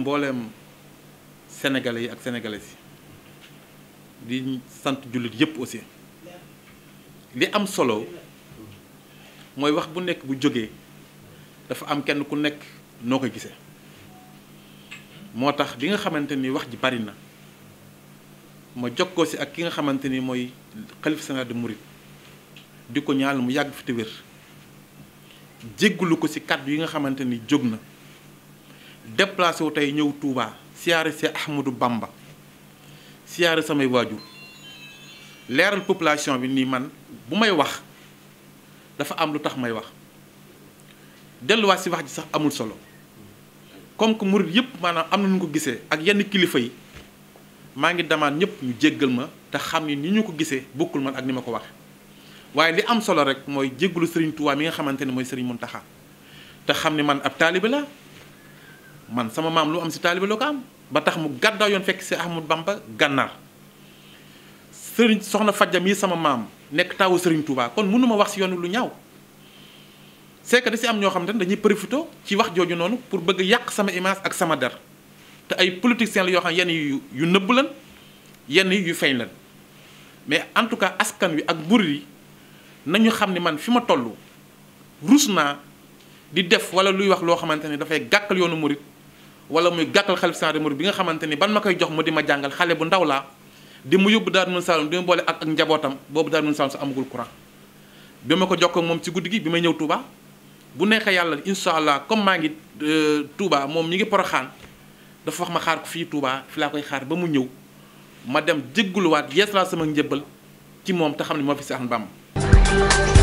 mbooleem sénégalais yi ak sénégalaises yi di sant jullit yépp aussi li am solo mooy wax bu nekk bu jógee dafa am kenn ku nekk noo ko gisee moo tax bi nga xamante ni wax ji bari na ma ko si ak ki nga xamante ni mooy xalif général de Mouride di ko ñaal mu yàgg fi te wér jégglu ko si kàddu yi nga xamante ni jóg na déplacé wu tey ñëw Touba siyaare si Ahmadou Bamba siyaare samay waajur leeral population bi nii man bu may wax dafa am lu tax may wax delluwaat si wax ji sax amul solo comme que murid yëpp maanaam am na nu ko gisee ak yenn kilifa yi maa ngi demaat ñëpp ñu jéggal ma te xam ni ni ñu ko gisee bokkul man ak ni ma ko wax waaye li am solo rek mooy jéggalu Serigne Touba mi nga xamante ne mooy sëriñ mun taxa te xam ni man ab taalibe la man sama maam lu am si taalibe loo ko am ba tax mu gàddaaw yoon fekk si Ahmad Bamba gànnaar sëriñ soxna fajjam yi sama maam nekk taawu sëriñ Touba kon mënuma wax si yoon lu ñaw c'est que da si am ñoo xam ne dañuy profité ci wax jooju noonu pour bëgg yàq sama image ak sama der te ay politiciens la yoo xam yenn yu yu nëbb lan yenn yu feeñ lan mais en tout cas askan wi ak bur yi nañu xam ne man fi ma toll rus naa di def wala luy wax loo xamante ne dafay gàkkal yoonu murit wala muy gàkkal xalif san remor bi nga xamante ni ban ma koy jox mu di ma jàngal xale bu ndaw laa di mu yóbbu daal Minam Saloum di mu boole ak ak njabootam boobu Daaru Minam Saloum sax amagul courant bi ma ko jox ko moom ci guddi gi bi may ñëw Touba bu neexee yàlla incha allah comme maa ngi euh, Touba moom mi ngi poroxaan dafa wax ma xaar ko fii Touba fi laa koy xaar ba mu ñëw ma dem jégguluwaat yees laa sama njëbal ci moom te xam ne moo fi Seex Bàmba